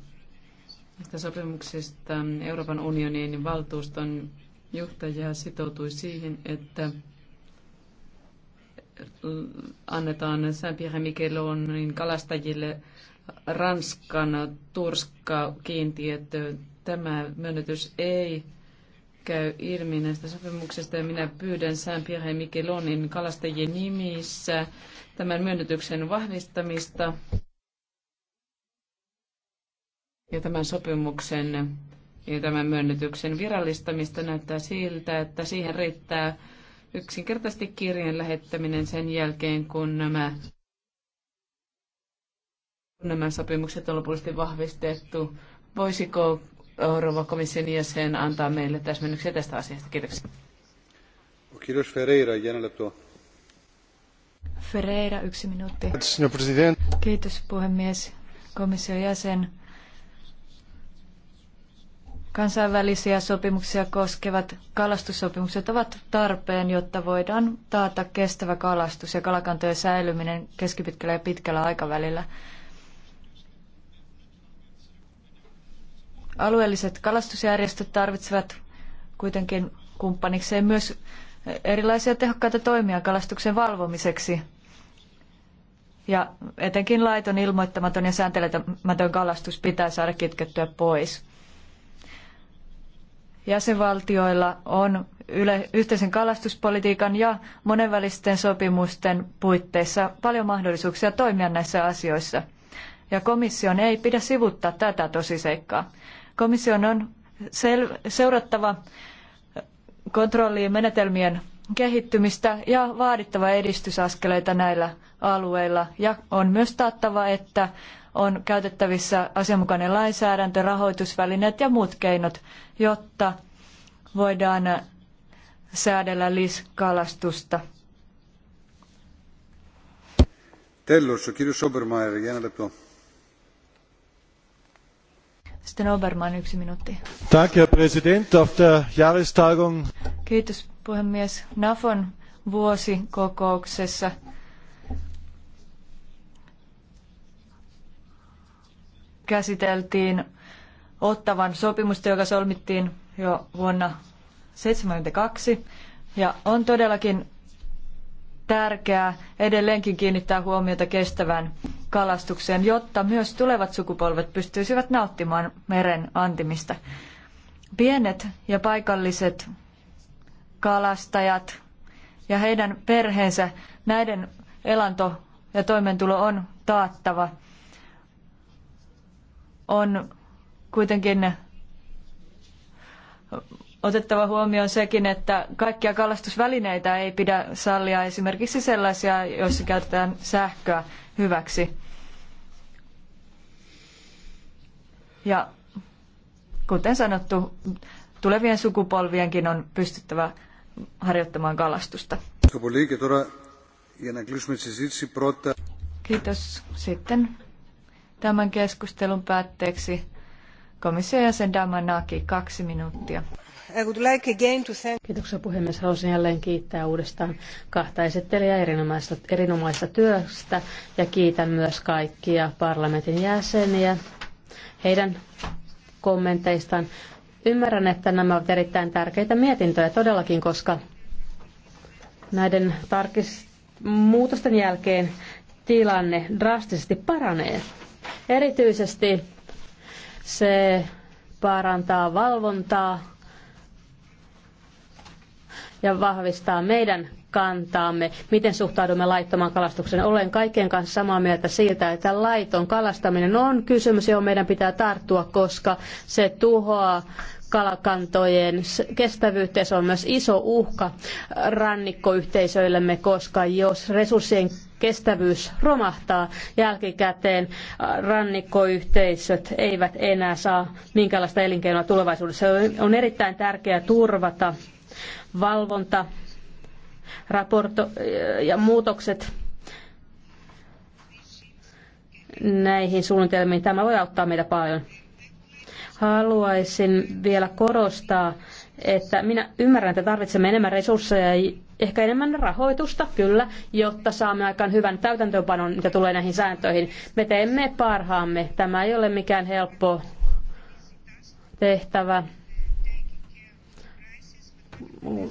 tästä sopimuksesta Euroopan unionin valtuuston johtaja sitoutui siihen, että annetaan Saint-Pierre Miquelonin kalastajille Ranskan turska kiintiöt. Tämä myönnytys ei käy ilmi näistä sopimuksista ja minä pyydän Saint Pierre Miquelonin kalastajien nimissä tämän myönnytyksen vahvistamista ja tämän sopimuksen ja tämän myönnytyksen virallistamista näyttää siltä, että siihen riittää yksinkertaisesti kirjeen lähettäminen sen jälkeen, kun nämä, kun nämä sopimukset on lopullisesti vahvistettu. Voisiko Euroopan komission jäsen antaa meille täsmennyksiä tästä asiasta. Kiitoksia. Kiitos Ferreira, jäänälepto. Ferreira, yksi minuutti. Kiitos puhemies, komission jäsen. Kansainvälisiä sopimuksia koskevat kalastussopimukset ovat tarpeen, jotta voidaan taata kestävä kalastus ja kalakantojen säilyminen keskipitkällä ja pitkällä aikavälillä. Alueelliset kalastusjärjestöt tarvitsevat kuitenkin kumppanikseen myös erilaisia tehokkaita toimia kalastuksen valvomiseksi. Ja etenkin laiton, ilmoittamaton ja sääntelemätön kalastus pitää saada kitkettyä pois. Jäsenvaltioilla on yle, yhteisen kalastuspolitiikan ja monenvälisten sopimusten puitteissa paljon mahdollisuuksia toimia näissä asioissa. Ja komission ei pidä sivuttaa tätä tosiseikkaa. Komission on seurattava kontrollien menetelmien kehittymistä ja vaadittava edistysaskeleita näillä alueilla ja on myös taattava, että on käytettävissä asianmukainen lainsäädäntö, rahoitusvälineet ja muut keinot, jotta voidaan säädellä liskalastusta. Τέλος, ο κύριος Σόμπερμαερ, sitten Oberman yksi minuutti. Tack, herr president, auf der Jahrestagung. Kiitos puhemies. NAFON vuosikokouksessa käsiteltiin Ottavan sopimusta, joka solmittiin jo vuonna 1972. Ja on todellakin tärkeää edelleenkin kiinnittää huomiota kestävään kalastukseen, jotta myös tulevat sukupolvet pystyisivät nauttimaan meren antimista. Pienet ja paikalliset kalastajat ja heidän perheensä, näiden elanto ja toimeentulo on taattava. On kuitenkin otettava huomioon sekin, että kaikkia kalastusvälineitä ei pidä sallia, esimerkiksi sellaisia, joissa käytetään sähköä hyväksi. Ja kuten sanottu, tulevien sukupolvienkin on pystyttävä harjoittamaan kalastusta. Kiitos. Sitten tämän keskustelun päätteeksi komission jäsen Damanaki, kaksi minuuttia. Kiitoksia puhemies. Haluaisin jälleen kiittää uudestaan kahta esittelijää erinomaisesta, työstä ja kiitän myös kaikkia parlamentin jäseniä heidän kommenteistaan. Ymmärrän, että nämä ovat erittäin tärkeitä mietintöjä todellakin, koska näiden tarkist- muutosten jälkeen tilanne drastisesti paranee. Erityisesti se parantaa valvontaa ja vahvistaa meidän kantaamme, miten suhtaudumme laittomaan kalastukseen. Olen kaikkien kanssa samaa mieltä siitä, että laiton kalastaminen on kysymys, johon meidän pitää tarttua, koska se tuhoaa kalakantojen kestävyyttä. Se on myös iso uhka rannikkoyhteisöillemme, koska jos resurssien kestävyys romahtaa jälkikäteen, rannikkoyhteisöt eivät enää saa minkäänlaista elinkeinoa tulevaisuudessa. On erittäin tärkeää turvata valvonta raporto- äh, ja muutokset näihin suunnitelmiin. Tämä voi auttaa meitä paljon. Haluaisin vielä korostaa, että minä ymmärrän, että tarvitsemme enemmän resursseja ja ehkä enemmän rahoitusta, kyllä, jotta saamme aikaan hyvän täytäntöönpanon, mitä tulee näihin sääntöihin. Me teemme parhaamme. Tämä ei ole mikään helppo tehtävä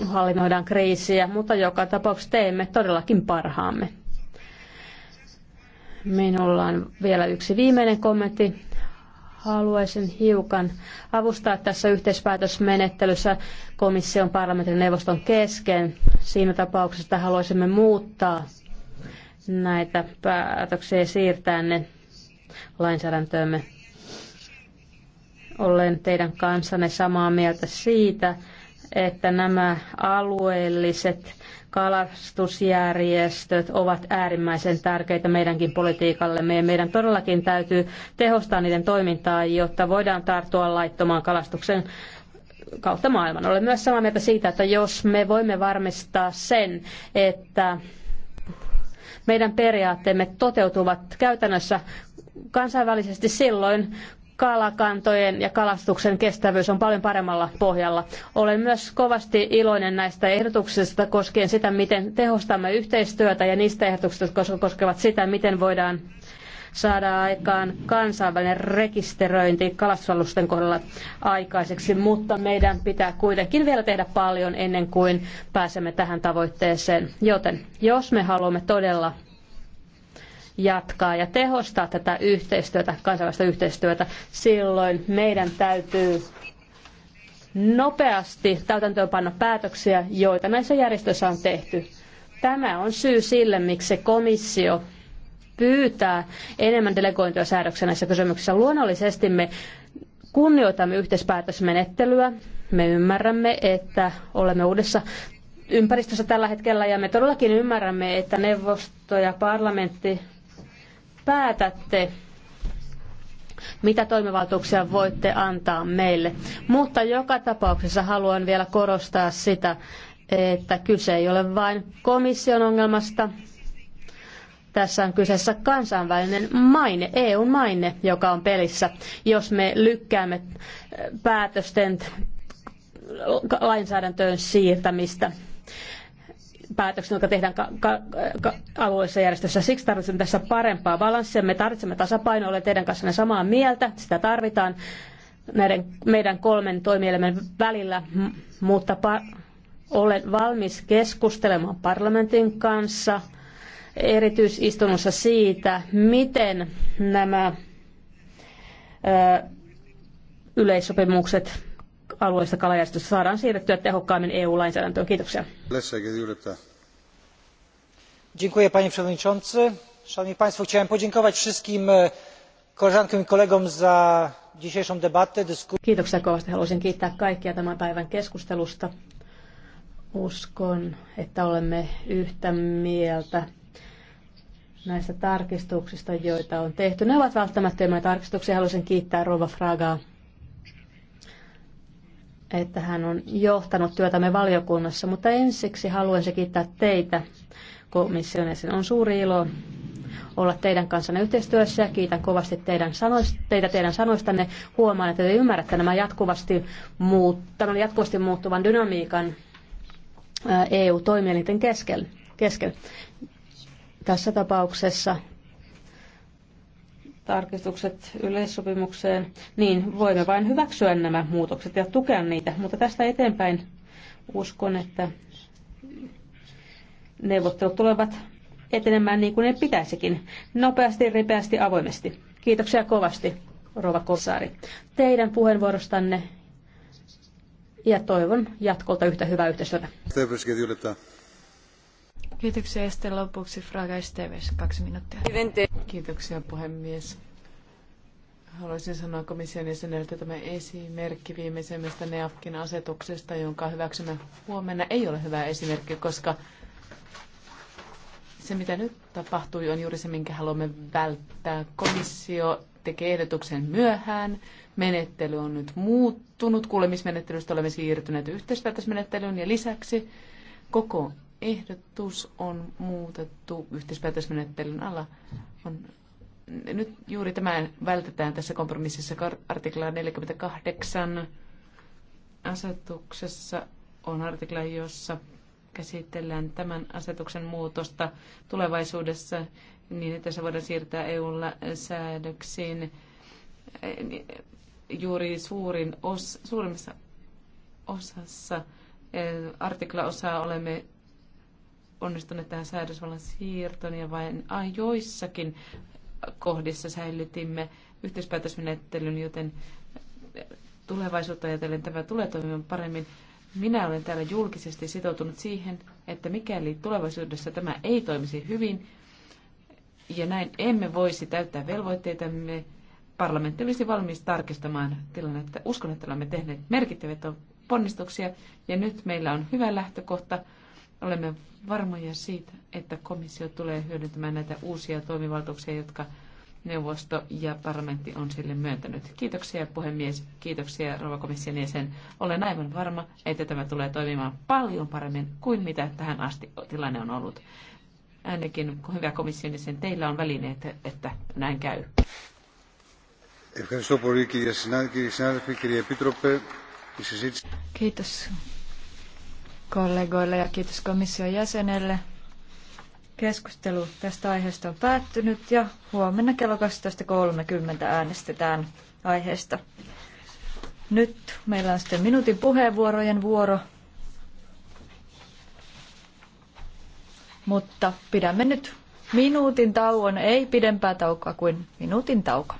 hallinnoidaan kriisiä, mutta joka tapauksessa teemme todellakin parhaamme. Minulla on vielä yksi viimeinen kommentti. Haluaisin hiukan avustaa tässä yhteispäätösmenettelyssä komission parlamentin neuvoston kesken. Siinä tapauksessa haluaisimme muuttaa näitä päätöksiä ja siirtää ne lainsäädäntöömme. Olen teidän kanssanne samaa mieltä siitä, että nämä alueelliset kalastusjärjestöt ovat äärimmäisen tärkeitä meidänkin politiikallemme ja meidän todellakin täytyy tehostaa niiden toimintaa, jotta voidaan tarttua laittomaan kalastuksen kautta maailman. Olen myös samaa mieltä siitä, että jos me voimme varmistaa sen, että meidän periaatteemme toteutuvat käytännössä kansainvälisesti silloin kalakantojen ja kalastuksen kestävyys on paljon paremmalla pohjalla. Olen myös kovasti iloinen näistä ehdotuksista koskien sitä, miten tehostamme yhteistyötä ja niistä ehdotuksista, jotka koskevat sitä, miten voidaan saada aikaan kansainvälinen rekisteröinti kalastusalusten kohdalla aikaiseksi, mutta meidän pitää kuitenkin vielä tehdä paljon ennen kuin pääsemme tähän tavoitteeseen. Joten jos me haluamme todella jatkaa ja tehostaa tätä yhteistyötä, kansainvälistä yhteistyötä, silloin meidän täytyy nopeasti täytäntöönpanna päätöksiä, joita näissä järjestöissä on tehty. Tämä on syy sille, miksi komissio pyytää enemmän delegointia säädöksiä näissä kysymyksissä. Luonnollisesti me kunnioitamme yhteispäätösmenettelyä. Me ymmärrämme, että olemme uudessa ympäristössä tällä hetkellä ja me todellakin ymmärrämme, että neuvosto ja parlamentti päätätte, mitä toimivaltuuksia voitte antaa meille. Mutta joka tapauksessa haluan vielä korostaa sitä, että kyse ei ole vain komission ongelmasta. Tässä on kyseessä kansainvälinen maine, EUn maine, joka on pelissä. Jos me lykkäämme äh, päätösten äh, lainsäädäntöön siirtämistä päätöksen, jotka tehdään ka- ka- ka- alueellisessa järjestössä. Siksi tarvitsemme tässä parempaa balanssia. Me tarvitsemme tasapainoa, olen teidän kanssanne samaa mieltä, sitä tarvitaan näiden meidän kolmen toimielimen välillä, mutta olen valmis keskustelemaan parlamentin kanssa erityisistunnossa siitä, miten nämä ö, yleissopimukset alueellista kalajärjestöstä saadaan siirrettyä tehokkaammin EU-lainsäädäntöön. Kiitoksia. Dziękuję panie przewodniczący. Szanowni państwo, chciałem podziękować wszystkim e, koleżankom i kolegom za dzisiejszą debatę. Kiitoksia kovasti. Haluaisin kiittää kaikkia tämän päivän keskustelusta. Uskon, että olemme yhtä mieltä näistä tarkistuksista, joita on tehty. Ne ovat välttämättömiä tarkistuksia. Haluaisin kiittää Rova Fragaa että hän on johtanut työtämme valiokunnassa, mutta ensiksi se kiittää teitä komission jäsen. On suuri ilo olla teidän kanssanne yhteistyössä ja kiitän kovasti teidän sanoist, teitä teidän sanoistanne. Huomaan, että te ymmärrätte nämä jatkuvasti muut, tämän jatkuvasti muuttuvan dynamiikan EU-toimielinten kesken. Tässä tapauksessa tarkistukset yleissopimukseen, niin voimme vain hyväksyä nämä muutokset ja tukea niitä. Mutta tästä eteenpäin uskon, että neuvottelut tulevat etenemään niin kuin ne pitäisikin. Nopeasti, ripeästi, avoimesti. Kiitoksia kovasti, Rova Kossaari, teidän puheenvuorostanne ja toivon jatkolta yhtä hyvää yhteistyötä. Kiitoksia ja sitten lopuksi Fraga Kaksi minuuttia. Kiitoksia puhemies. Haluaisin sanoa komission jäseneltä tämä esimerkki viimeisimmästä NEAFKin asetuksesta, jonka hyväksymme huomenna, ei ole hyvä esimerkki, koska se, mitä nyt tapahtui, on juuri se, minkä haluamme välttää. Komissio tekee ehdotuksen myöhään. Menettely on nyt muuttunut. Kuulemismenettelystä olemme siirtyneet yhteispäätösmenettelyyn ja lisäksi koko ehdotus on muutettu yhteispäätösmenettelyn alla. On, nyt juuri tämä vältetään tässä kompromississa artikla 48 asetuksessa on artikla, jossa käsitellään tämän asetuksen muutosta tulevaisuudessa niin, että se voidaan siirtää EUlla säädöksiin juuri suurin os, suurimmassa osassa eh, osaa olemme onnistuneet tähän säädösvallan siirtoon ja vain ah, joissakin kohdissa säilytimme yhteispäätösmenettelyn, joten tulevaisuutta ajatellen tämä tulee toimimaan paremmin. Minä olen täällä julkisesti sitoutunut siihen, että mikäli tulevaisuudessa tämä ei toimisi hyvin, ja näin emme voisi täyttää velvoitteitamme, parlamentti olisi valmis tarkistamaan tilannetta. Uskon, että olemme tehneet merkittäviä ponnistuksia ja nyt meillä on hyvä lähtökohta Olemme varmoja siitä, että komissio tulee hyödyntämään näitä uusia toimivaltuuksia, jotka neuvosto ja parlamentti on sille myöntänyt. Kiitoksia puhemies, kiitoksia rouva komission jäsen. Olen aivan varma, että tämä tulee toimimaan paljon paremmin kuin mitä tähän asti tilanne on ollut. Ainakin hyvä komission jäsen, teillä on välineet, että näin käy. Kiitos kollegoille ja kiitos komission jäsenelle. Keskustelu tästä aiheesta on päättynyt ja huomenna kello 12.30 äänestetään aiheesta. Nyt meillä on sitten minuutin puheenvuorojen vuoro. Mutta pidämme nyt minuutin tauon, ei pidempää taukoa kuin minuutin tauko.